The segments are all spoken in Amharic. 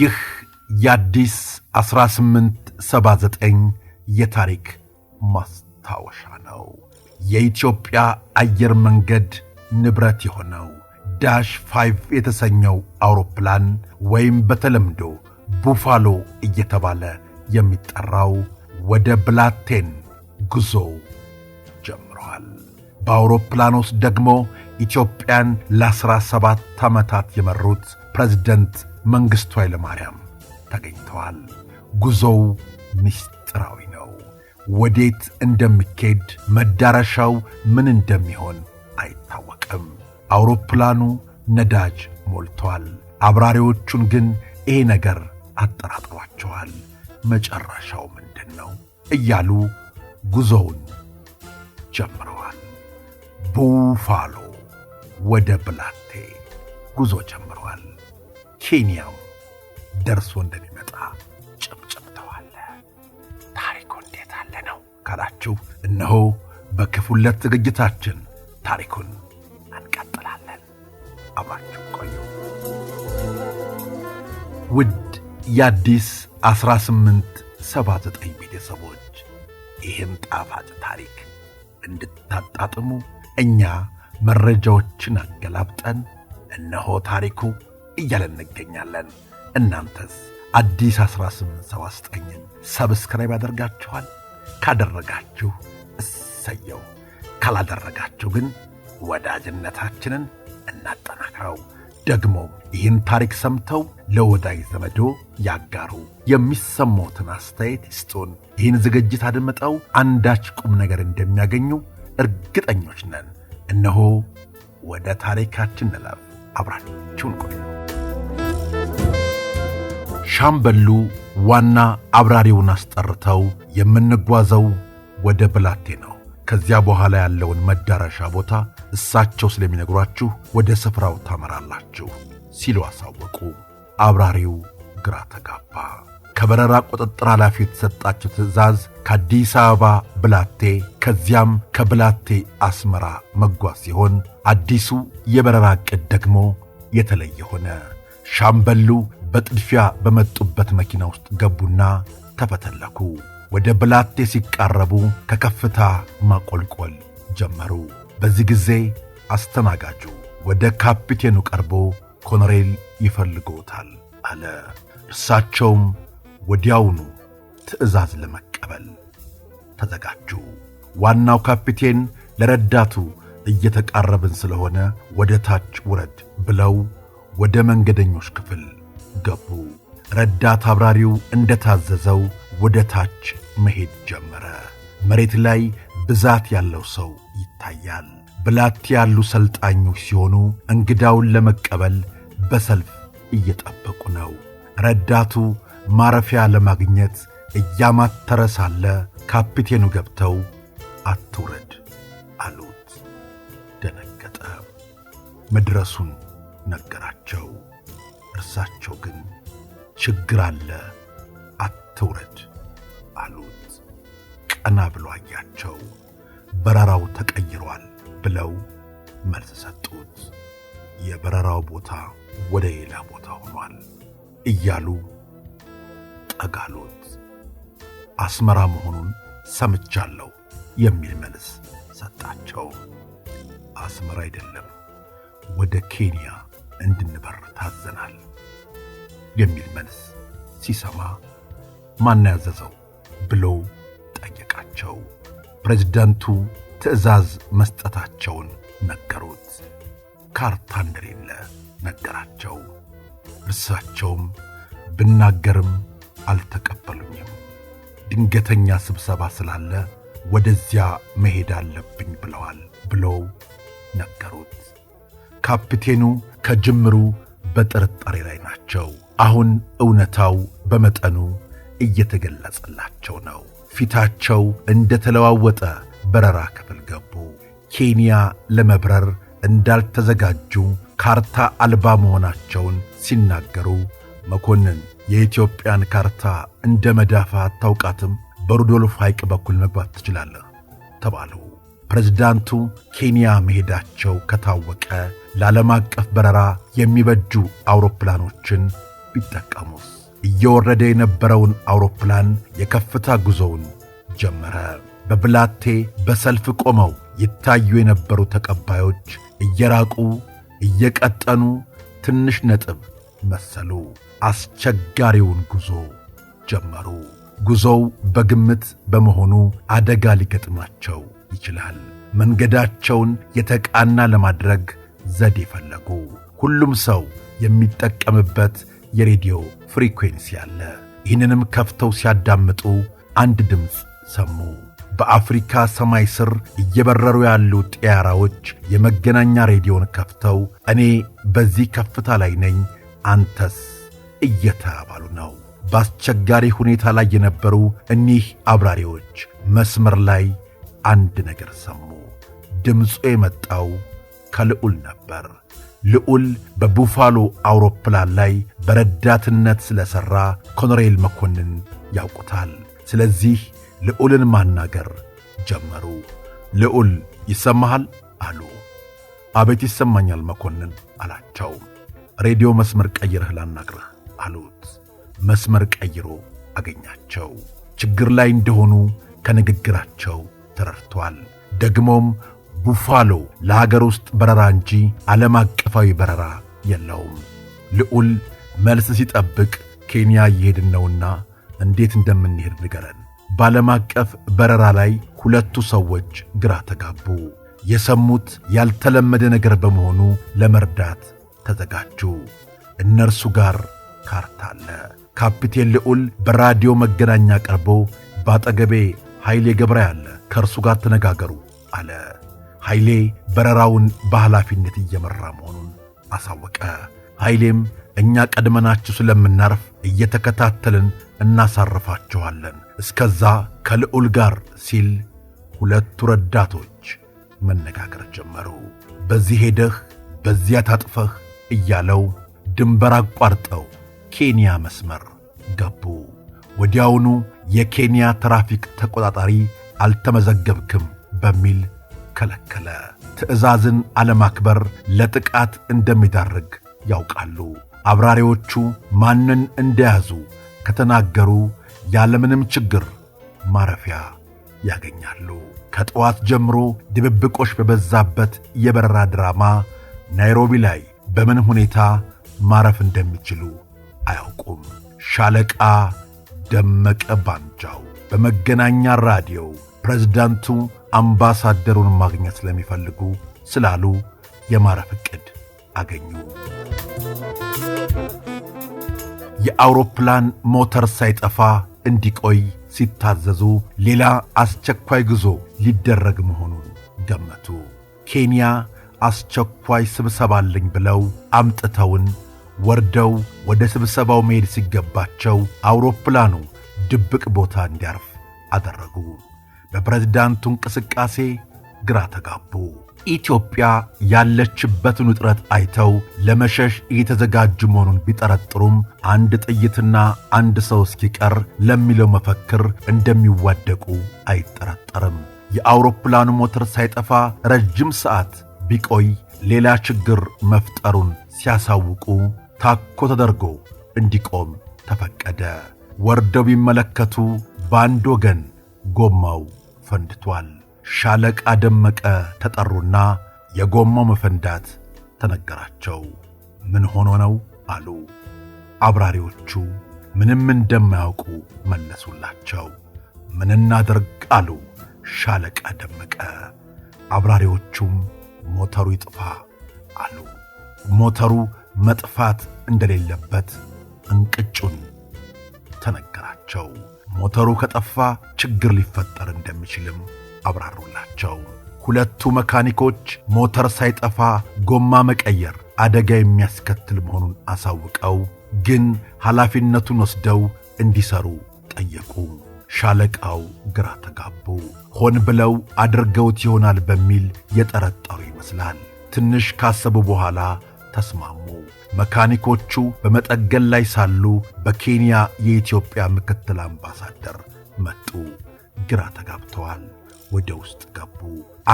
ይህ የአዲስ 1879 የታሪክ ማስታወሻ ነው። የኢትዮጵያ አየር መንገድ ንብረት የሆነው ዳሽ 5 የተሰኘው አውሮፕላን ወይም በተለምዶ ቡፋሎ እየተባለ የሚጠራው ወደ ብላቴን ጉዞ በአውሮፕላን ውስጥ ደግሞ ኢትዮጵያን ለ17 ዓመታት የመሩት ፕሬዝደንት መንግሥቱ ኃይለማርያም ተገኝተዋል። ጉዞው ምስጢራዊ ነው። ወዴት እንደሚኬድ መዳረሻው ምን እንደሚሆን አይታወቅም። አውሮፕላኑ ነዳጅ ሞልቷል። አብራሪዎቹን ግን ይሄ ነገር አጠራጥሯቸዋል። መጨረሻው ምንድን ነው እያሉ ጉዞውን ጀምረዋል። ቡፋሎ ወደ ብላቴ ጉዞ ጀምሯል። ኬንያም ደርሶ እንደሚመጣ ጭብጭብተዋል። ታሪኩ እንዴት አለ ነው ካላችሁ፣ እነሆ በክፍል ዝግጅታችን ታሪኩን እንቀጥላለን። አብራችሁ ቆዩ። ውድ የአዲስ 1879 ቤተሰቦች ይህን ጣፋጭ ታሪክ እንድታጣጥሙ እኛ መረጃዎችን አገላብጠን እነሆ ታሪኩ እያለን እንገኛለን። እናንተስ አዲስ 1879ን ሰብስክራይብ ያደርጋችኋል? ካደረጋችሁ እሰየው፣ ካላደረጋችሁ ግን ወዳጅነታችንን እናጠናክረው። ደግሞ ይህን ታሪክ ሰምተው ለወዳጅ ዘመዶ ያጋሩ፣ የሚሰማውትን አስተያየት ይስጡን። ይህን ዝግጅት አድምጠው አንዳች ቁም ነገር እንደሚያገኙ እርግጠኞች ነን። እነሆ ወደ ታሪካችን ንለፍ። አብራችሁን ቆዩ። ሻምበሉ ዋና አብራሪውን አስጠርተው የምንጓዘው ወደ ብላቴ ነው። ከዚያ በኋላ ያለውን መዳረሻ ቦታ እሳቸው ስለሚነግሯችሁ ወደ ስፍራው ታመራላችሁ ሲሉ አሳወቁ። አብራሪው ግራ ተጋባ። ከበረራ ቁጥጥር ኃላፊ የተሰጣቸው ትዕዛዝ ከአዲስ አበባ ብላቴ ከዚያም ከብላቴ አስመራ መጓዝ ሲሆን አዲሱ የበረራ ዕቅድ ደግሞ የተለየ ሆነ። ሻምበሉ በጥድፊያ በመጡበት መኪና ውስጥ ገቡና ተፈተለኩ። ወደ ብላቴ ሲቃረቡ ከከፍታ ማቆልቆል ጀመሩ። በዚህ ጊዜ አስተናጋጁ ወደ ካፒቴኑ ቀርቦ ኮኖሬል ይፈልጎታል አለ። እርሳቸውም ወዲያውኑ ትዕዛዝ ለመቀበል ተዘጋጁ። ዋናው ካፒቴን ለረዳቱ እየተቃረብን ስለሆነ ወደ ታች ውረድ ብለው ወደ መንገደኞች ክፍል ገቡ። ረዳት አብራሪው እንደ ታዘዘው ወደ ታች መሄድ ጀመረ። መሬት ላይ ብዛት ያለው ሰው ይታያል። ብላት ያሉ ሰልጣኞች ሲሆኑ እንግዳውን ለመቀበል በሰልፍ እየጠበቁ ነው። ረዳቱ ማረፊያ ለማግኘት እያማተረ ሳለ ካፒቴኑ ገብተው አትውረድ አሉት። ደነገጠ። መድረሱን ነገራቸው። እርሳቸው ግን ችግር አለ አትውረድ አሉት። ቀና ብሎ አያቸው። በረራው ተቀይሯል ብለው መልስ ሰጡት። የበረራው ቦታ ወደ ሌላ ቦታ ሆኗል እያሉ አጋሎት አስመራ መሆኑን ሰምቻለሁ የሚል መልስ ሰጣቸው። አስመራ አይደለም ወደ ኬንያ እንድንበር ታዘናል የሚል መልስ ሲሰማ ማን ያዘዘው ብሎ ጠየቃቸው። ፕሬዝዳንቱ ትዕዛዝ መስጠታቸውን ነገሩት። ካርታ እንደሌለ ነገራቸው። እርሳቸውም ብናገርም አልተቀበሉኝም። ድንገተኛ ስብሰባ ስላለ ወደዚያ መሄድ አለብኝ ብለዋል ብለው ነገሩት። ካፒቴኑ ከጅምሩ በጥርጣሬ ላይ ናቸው። አሁን እውነታው በመጠኑ እየተገለጸላቸው ነው። ፊታቸው እንደተለዋወጠ በረራ ክፍል ገቡ። ኬንያ ለመብረር እንዳልተዘጋጁ ካርታ አልባ መሆናቸውን ሲናገሩ መኮንን የኢትዮጵያን ካርታ እንደ መዳፋ አታውቃትም፣ በሩዶልፍ ሐይቅ በኩል መግባት ትችላለህ ተባሉ። ፕሬዝዳንቱ ኬንያ መሄዳቸው ከታወቀ ለዓለም አቀፍ በረራ የሚበጁ አውሮፕላኖችን ቢጠቀሙስ? እየወረደ የነበረውን አውሮፕላን የከፍታ ጉዞውን ጀመረ። በብላቴ በሰልፍ ቆመው ይታዩ የነበሩ ተቀባዮች እየራቁ እየቀጠኑ ትንሽ ነጥብ መሰሉ። አስቸጋሪውን ጉዞ ጀመሩ። ጉዞው በግምት በመሆኑ አደጋ ሊገጥማቸው ይችላል። መንገዳቸውን የተቃና ለማድረግ ዘዴ ፈለጉ። ሁሉም ሰው የሚጠቀምበት የሬዲዮ ፍሪኩዌንሲ አለ። ይህንንም ከፍተው ሲያዳምጡ አንድ ድምፅ ሰሙ። በአፍሪካ ሰማይ ስር እየበረሩ ያሉ ጥያራዎች የመገናኛ ሬዲዮን ከፍተው እኔ በዚህ ከፍታ ላይ ነኝ አንተስ እየተባሉ ነው። በአስቸጋሪ ሁኔታ ላይ የነበሩ እኒህ አብራሪዎች መስመር ላይ አንድ ነገር ሰሙ። ድምፁ የመጣው ከልዑል ነበር። ልዑል በቡፋሎ አውሮፕላን ላይ በረዳትነት ስለሠራ ኮሎኔል መኮንን ያውቁታል። ስለዚህ ልዑልን ማናገር ጀመሩ። ልዑል ይሰማሃል አሉ። አቤት ይሰማኛል መኮንን አላቸው። ሬዲዮ መስመር ቀይረህ ላናግረህ አሉት። መስመር ቀይሮ አገኛቸው። ችግር ላይ እንደሆኑ ከንግግራቸው ተረድቷል። ደግሞም ቡፋሎ ለሀገር ውስጥ በረራ እንጂ ዓለም አቀፋዊ በረራ የለውም። ልዑል መልስ ሲጠብቅ ኬንያ እየሄድን ነውና እንዴት እንደምንሄድ ንገረን። በዓለም አቀፍ በረራ ላይ ሁለቱ ሰዎች ግራ ተጋቡ። የሰሙት ያልተለመደ ነገር በመሆኑ ለመርዳት ተዘጋጁ። እነርሱ ጋር ካርታ አለ። ካፒቴን ልዑል በራዲዮ መገናኛ ቀርቦ በአጠገቤ ኃይሌ ገብረ ያለ ከእርሱ ጋር ተነጋገሩ አለ። ኃይሌ በረራውን በኃላፊነት እየመራ መሆኑን አሳወቀ። ኃይሌም እኛ ቀድመናችሁ ስለምናርፍ እየተከታተልን እናሳርፋችኋለን፣ እስከዛ ከልዑል ጋር ሲል ሁለቱ ረዳቶች መነጋገር ጀመሩ። በዚህ ሄደህ በዚያ ታጥፈህ እያለው ድንበር አቋርጠው ኬንያ መስመር ገቡ። ወዲያውኑ የኬንያ ትራፊክ ተቆጣጣሪ አልተመዘገብክም በሚል ከለከለ። ትዕዛዝን አለማክበር ለጥቃት እንደሚዳርግ ያውቃሉ። አብራሪዎቹ ማንን እንደያዙ ከተናገሩ ያለምንም ችግር ማረፊያ ያገኛሉ። ከጠዋት ጀምሮ ድብብቆሽ በበዛበት የበረራ ድራማ ናይሮቢ ላይ በምን ሁኔታ ማረፍ እንደሚችሉ አያውቁም። ሻለቃ ደመቀ ባንጃው በመገናኛ ራዲዮ ፕሬዝዳንቱ አምባሳደሩን ማግኘት ስለሚፈልጉ ስላሉ የማረፍ ዕቅድ አገኙ። የአውሮፕላን ሞተር ሳይጠፋ እንዲቆይ ሲታዘዙ ሌላ አስቸኳይ ጉዞ ሊደረግ መሆኑን ገመቱ። ኬንያ አስቸኳይ ስብሰባ አለኝ ብለው አምጥተውን ወርደው ወደ ስብሰባው መሄድ ሲገባቸው አውሮፕላኑ ድብቅ ቦታ እንዲያርፍ አደረጉ። በፕሬዝዳንቱ እንቅስቃሴ ግራ ተጋቡ። ኢትዮጵያ ያለችበትን ውጥረት አይተው ለመሸሽ እየተዘጋጁ መሆኑን ቢጠረጥሩም አንድ ጥይትና አንድ ሰው እስኪቀር ለሚለው መፈክር እንደሚዋደቁ አይጠረጠርም። የአውሮፕላኑ ሞተር ሳይጠፋ ረጅም ሰዓት ቢቆይ ሌላ ችግር መፍጠሩን ሲያሳውቁ ታኮ ተደርጎ እንዲቆም ተፈቀደ። ወርደው ቢመለከቱ በአንድ ወገን ጎማው ፈንድቷል። ሻለቃ ደመቀ ተጠሩና የጎማው መፈንዳት ተነገራቸው። ምን ሆኖ ነው አሉ። አብራሪዎቹ ምንም እንደማያውቁ መለሱላቸው። ምን አሉ ሻለቃ ደመቀ። አብራሪዎቹም ሞተሩ ይጥፋ አሉ። ሞተሩ መጥፋት እንደሌለበት እንቅጩን ተነገራቸው። ሞተሩ ከጠፋ ችግር ሊፈጠር እንደሚችልም አብራሩላቸው። ሁለቱ መካኒኮች ሞተር ሳይጠፋ ጎማ መቀየር አደጋ የሚያስከትል መሆኑን አሳውቀው ግን ኃላፊነቱን ወስደው እንዲሰሩ ጠየቁ። ሻለቃው ግራ ተጋቡ። ሆን ብለው አድርገውት ይሆናል በሚል የጠረጠሩ ይመስላል። ትንሽ ካሰቡ በኋላ ተስማሙ። መካኒኮቹ በመጠገን ላይ ሳሉ በኬንያ የኢትዮጵያ ምክትል አምባሳደር መጡ። ግራ ተጋብተዋል። ወደ ውስጥ ገቡ።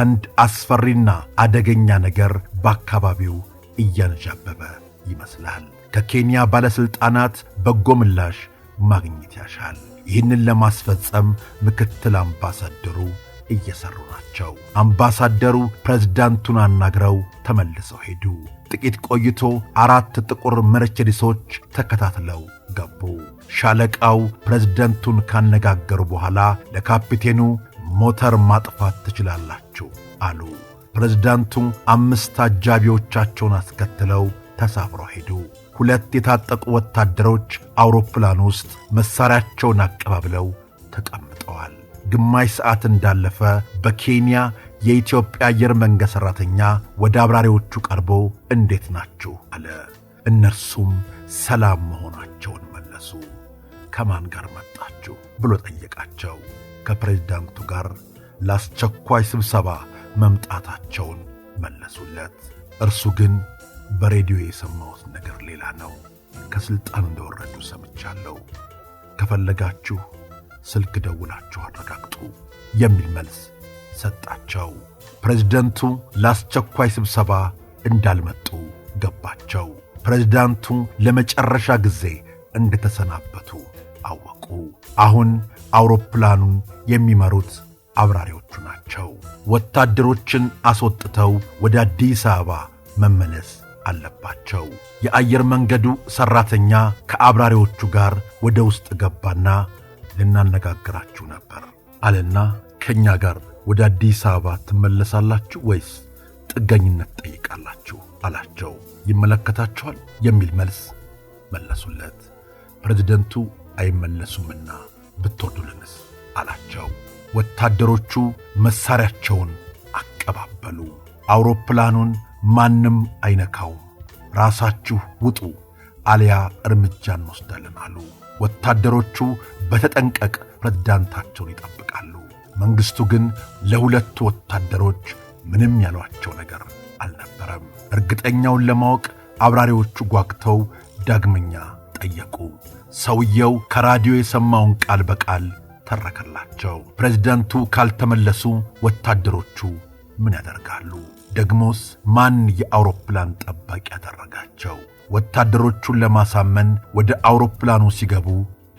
አንድ አስፈሪና አደገኛ ነገር በአካባቢው እያንዣበበ ይመስላል። ከኬንያ ባለሥልጣናት በጎ ምላሽ ማግኘት ያሻል። ይህንን ለማስፈጸም ምክትል አምባሳደሩ እየሰሩ ናቸው። አምባሳደሩ ፕሬዝዳንቱን አናግረው ተመልሰው ሄዱ። ጥቂት ቆይቶ አራት ጥቁር መርቼዲሶች ተከታትለው ገቡ። ሻለቃው ፕሬዝደንቱን ካነጋገሩ በኋላ ለካፒቴኑ ሞተር ማጥፋት ትችላላችሁ አሉ። ፕሬዝዳንቱ አምስት አጃቢዎቻቸውን አስከትለው ተሳፍረው ሄዱ። ሁለት የታጠቁ ወታደሮች አውሮፕላን ውስጥ መሣሪያቸውን አቀባብለው ተቀምጠዋል። ግማሽ ሰዓት እንዳለፈ በኬንያ የኢትዮጵያ አየር መንገድ ሠራተኛ ወደ አብራሪዎቹ ቀርቦ እንዴት ናችሁ አለ። እነርሱም ሰላም መሆናቸውን መለሱ። ከማን ጋር መጣችሁ ብሎ ጠየቃቸው። ከፕሬዝዳንቱ ጋር ለአስቸኳይ ስብሰባ መምጣታቸውን መለሱለት። እርሱ ግን በሬዲዮ የሰማሁት ነገር ሌላ ነው። ከሥልጣን እንደወረዱ ሰምቻለሁ። ከፈለጋችሁ ስልክ ደውላችሁ አረጋግጡ የሚል መልስ ሰጣቸው። ፕሬዝደንቱ ለአስቸኳይ ስብሰባ እንዳልመጡ ገባቸው። ፕሬዚዳንቱ ለመጨረሻ ጊዜ እንደተሰናበቱ አወቁ። አሁን አውሮፕላኑን የሚመሩት አብራሪዎቹ ናቸው። ወታደሮችን አስወጥተው ወደ አዲስ አበባ መመለስ አለባቸው። የአየር መንገዱ ሠራተኛ ከአብራሪዎቹ ጋር ወደ ውስጥ ገባና ልናነጋግራችሁ ነበር አለና ከእኛ ጋር ወደ አዲስ አበባ ትመለሳላችሁ ወይስ ጥገኝነት ጠይቃላችሁ አላቸው። ይመለከታችኋል የሚል መልስ መለሱለት። ፕሬዝደንቱ አይመለሱምና ብትወዱልንስ አላቸው። ወታደሮቹ መሣሪያቸውን አቀባበሉ። አውሮፕላኑን ማንም አይነካውም፣ ራሳችሁ ውጡ አሊያ እርምጃ እንወስዳለን አሉ። ወታደሮቹ በተጠንቀቅ ፕሬዝዳንታቸውን ይጠብቃሉ። መንግሥቱ ግን ለሁለቱ ወታደሮች ምንም ያሏቸው ነገር አልነበረም። እርግጠኛውን ለማወቅ አብራሪዎቹ ጓግተው ዳግመኛ ጠየቁ። ሰውየው ከራዲዮ የሰማውን ቃል በቃል ተረከላቸው። ፕሬዝዳንቱ ካልተመለሱ ወታደሮቹ ምን ያደርጋሉ? ደግሞስ ማን የአውሮፕላን ጠባቂ ያደረጋቸው? ወታደሮቹን ለማሳመን ወደ አውሮፕላኑ ሲገቡ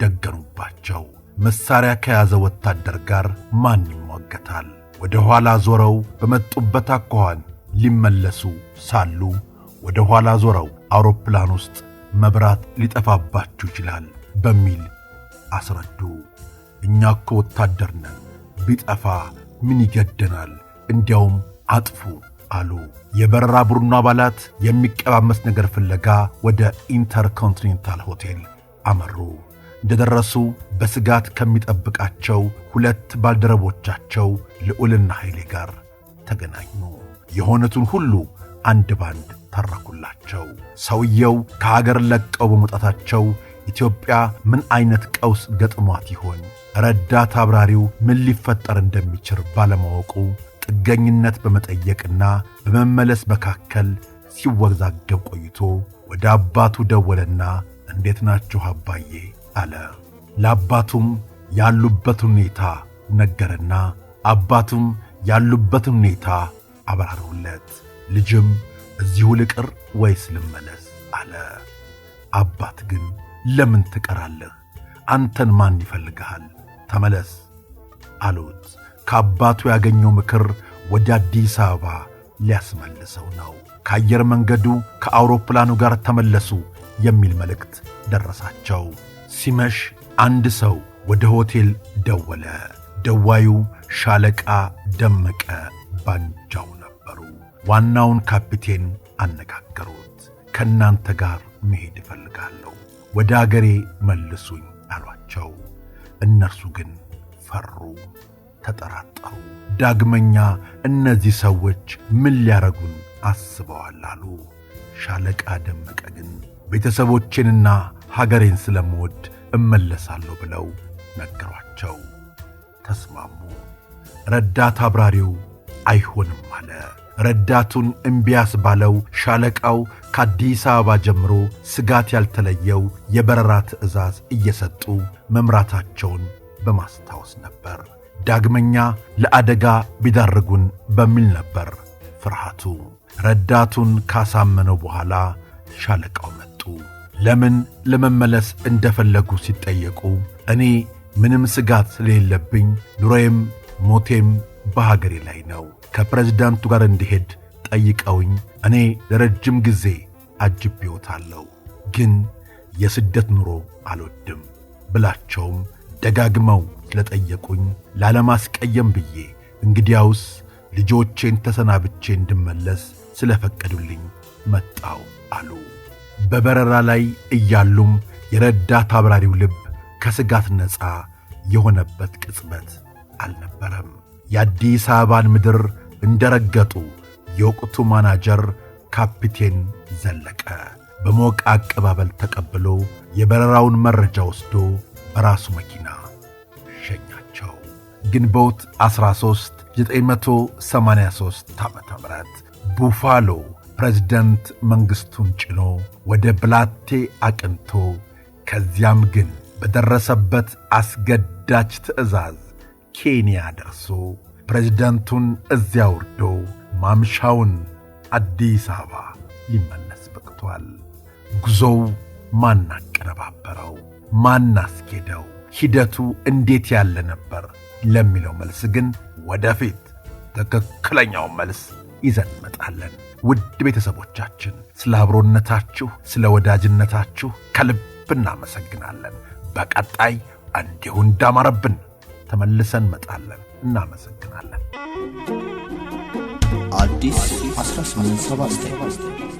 ደገኑባቸው። መሳሪያ ከያዘ ወታደር ጋር ማን ይሟገታል? ወደ ኋላ ዞረው በመጡበት አኳኋን ሊመለሱ ሳሉ ወደ ኋላ ዞረው አውሮፕላን ውስጥ መብራት ሊጠፋባችሁ ይችላል በሚል አስረዱ። እኛ እኮ ወታደር ነን፣ ቢጠፋ ምን ይገደናል? እንዲያውም አጥፉ አሉ። የበረራ ቡድኑ አባላት የሚቀባመስ ነገር ፍለጋ ወደ ኢንተርኮንቲኔንታል ሆቴል አመሩ። እንደደረሱ በስጋት ከሚጠብቃቸው ሁለት ባልደረቦቻቸው ልዑልና ኃይሌ ጋር ተገናኙ። የሆነቱን ሁሉ አንድ ባንድ ተረኩላቸው። ሰውየው ከሀገር ለቀው በመውጣታቸው ኢትዮጵያ ምን አይነት ቀውስ ገጥሟት ይሆን? ረዳት አብራሪው ምን ሊፈጠር እንደሚችል ባለማወቁ ጥገኝነት በመጠየቅና በመመለስ መካከል ሲወዛገብ ቆይቶ ወደ አባቱ ደወለና እንዴት ናችሁ አባዬ አለ። ለአባቱም ያሉበት ሁኔታ ነገረና አባቱም ያሉበት ሁኔታ አብራረውለት። ልጅም እዚሁ ልቅር ወይስ ልመለስ አለ። አባት ግን ለምን ትቀራለህ? አንተን ማን ይፈልግሃል? ተመለስ አሉት። ከአባቱ ያገኘው ምክር ወደ አዲስ አበባ ሊያስመልሰው ነው። ከአየር መንገዱ ከአውሮፕላኑ ጋር ተመለሱ የሚል መልእክት ደረሳቸው። ሲመሽ አንድ ሰው ወደ ሆቴል ደወለ። ደዋዩ ሻለቃ ደመቀ ባንጃው ነበሩ። ዋናውን ካፒቴን አነጋገሩት። ከእናንተ ጋር መሄድ እፈልጋለሁ፣ ወደ አገሬ መልሱኝ አሏቸው። እነርሱ ግን ፈሩ። ተጠራጠሩ። ዳግመኛ እነዚህ ሰዎች ምን ሊያረጉን አስበዋል አሉ። ሻለቃ ደመቀ ግን ቤተሰቦቼንና ሀገሬን ስለምወድ እመለሳለሁ ብለው ነገሯቸው። ተስማሙ። ረዳት አብራሪው አይሆንም አለ። ረዳቱን እምቢያስ ባለው ሻለቃው ከአዲስ አበባ ጀምሮ ስጋት ያልተለየው የበረራ ትዕዛዝ እየሰጡ መምራታቸውን በማስታወስ ነበር። ዳግመኛ ለአደጋ ቢዳርጉን በሚል ነበር ፍርሃቱ። ረዳቱን ካሳመነው በኋላ ሻለቃው መጡ። ለምን ለመመለስ እንደፈለጉ ሲጠየቁ እኔ ምንም ስጋት ስለሌለብኝ ኑሮዬም ሞቴም በሀገሬ ላይ ነው፣ ከፕሬዝዳንቱ ጋር እንዲሄድ ጠይቀውኝ እኔ ለረጅም ጊዜ አጅቤዎታለሁ፣ ግን የስደት ኑሮ አልወድም ብላቸውም ደጋግመው ስለጠየቁኝ ላለማስቀየም ብዬ እንግዲያውስ ልጆቼን ተሰናብቼ እንድመለስ ስለፈቀዱልኝ መጣው አሉ። በበረራ ላይ እያሉም የረዳት አብራሪው ልብ ከስጋት ነፃ የሆነበት ቅጽበት አልነበረም። የአዲስ አበባን ምድር እንደረገጡ የወቅቱ ማናጀር ካፒቴን ዘለቀ በሞቀ አቀባበል ተቀብሎ የበረራውን መረጃ ወስዶ በራሱ መኪና ሸኛቸው። ግንቦት 13 983 ዓ ም ቡፋሎ ፕሬዝደንት መንግሥቱን ጭኖ ወደ ብላቴ አቅንቶ ከዚያም ግን በደረሰበት አስገዳጅ ትዕዛዝ ኬንያ ደርሶ ፕሬዝደንቱን እዚያ ወርዶ ማምሻውን አዲስ አበባ ሊመለስ በቅቷል። ጉዞው ማን ማን አስኬደው፣ ሂደቱ እንዴት ያለ ነበር ለሚለው መልስ ግን ወደፊት ትክክለኛው መልስ ይዘን እንመጣለን። ውድ ቤተሰቦቻችን ስለ አብሮነታችሁ፣ ስለ ወዳጅነታችሁ ከልብ እናመሰግናለን። በቀጣይ እንዲሁ እንዳማረብን ተመልሰን መጣለን። እናመሰግናለን። አዲስ 1879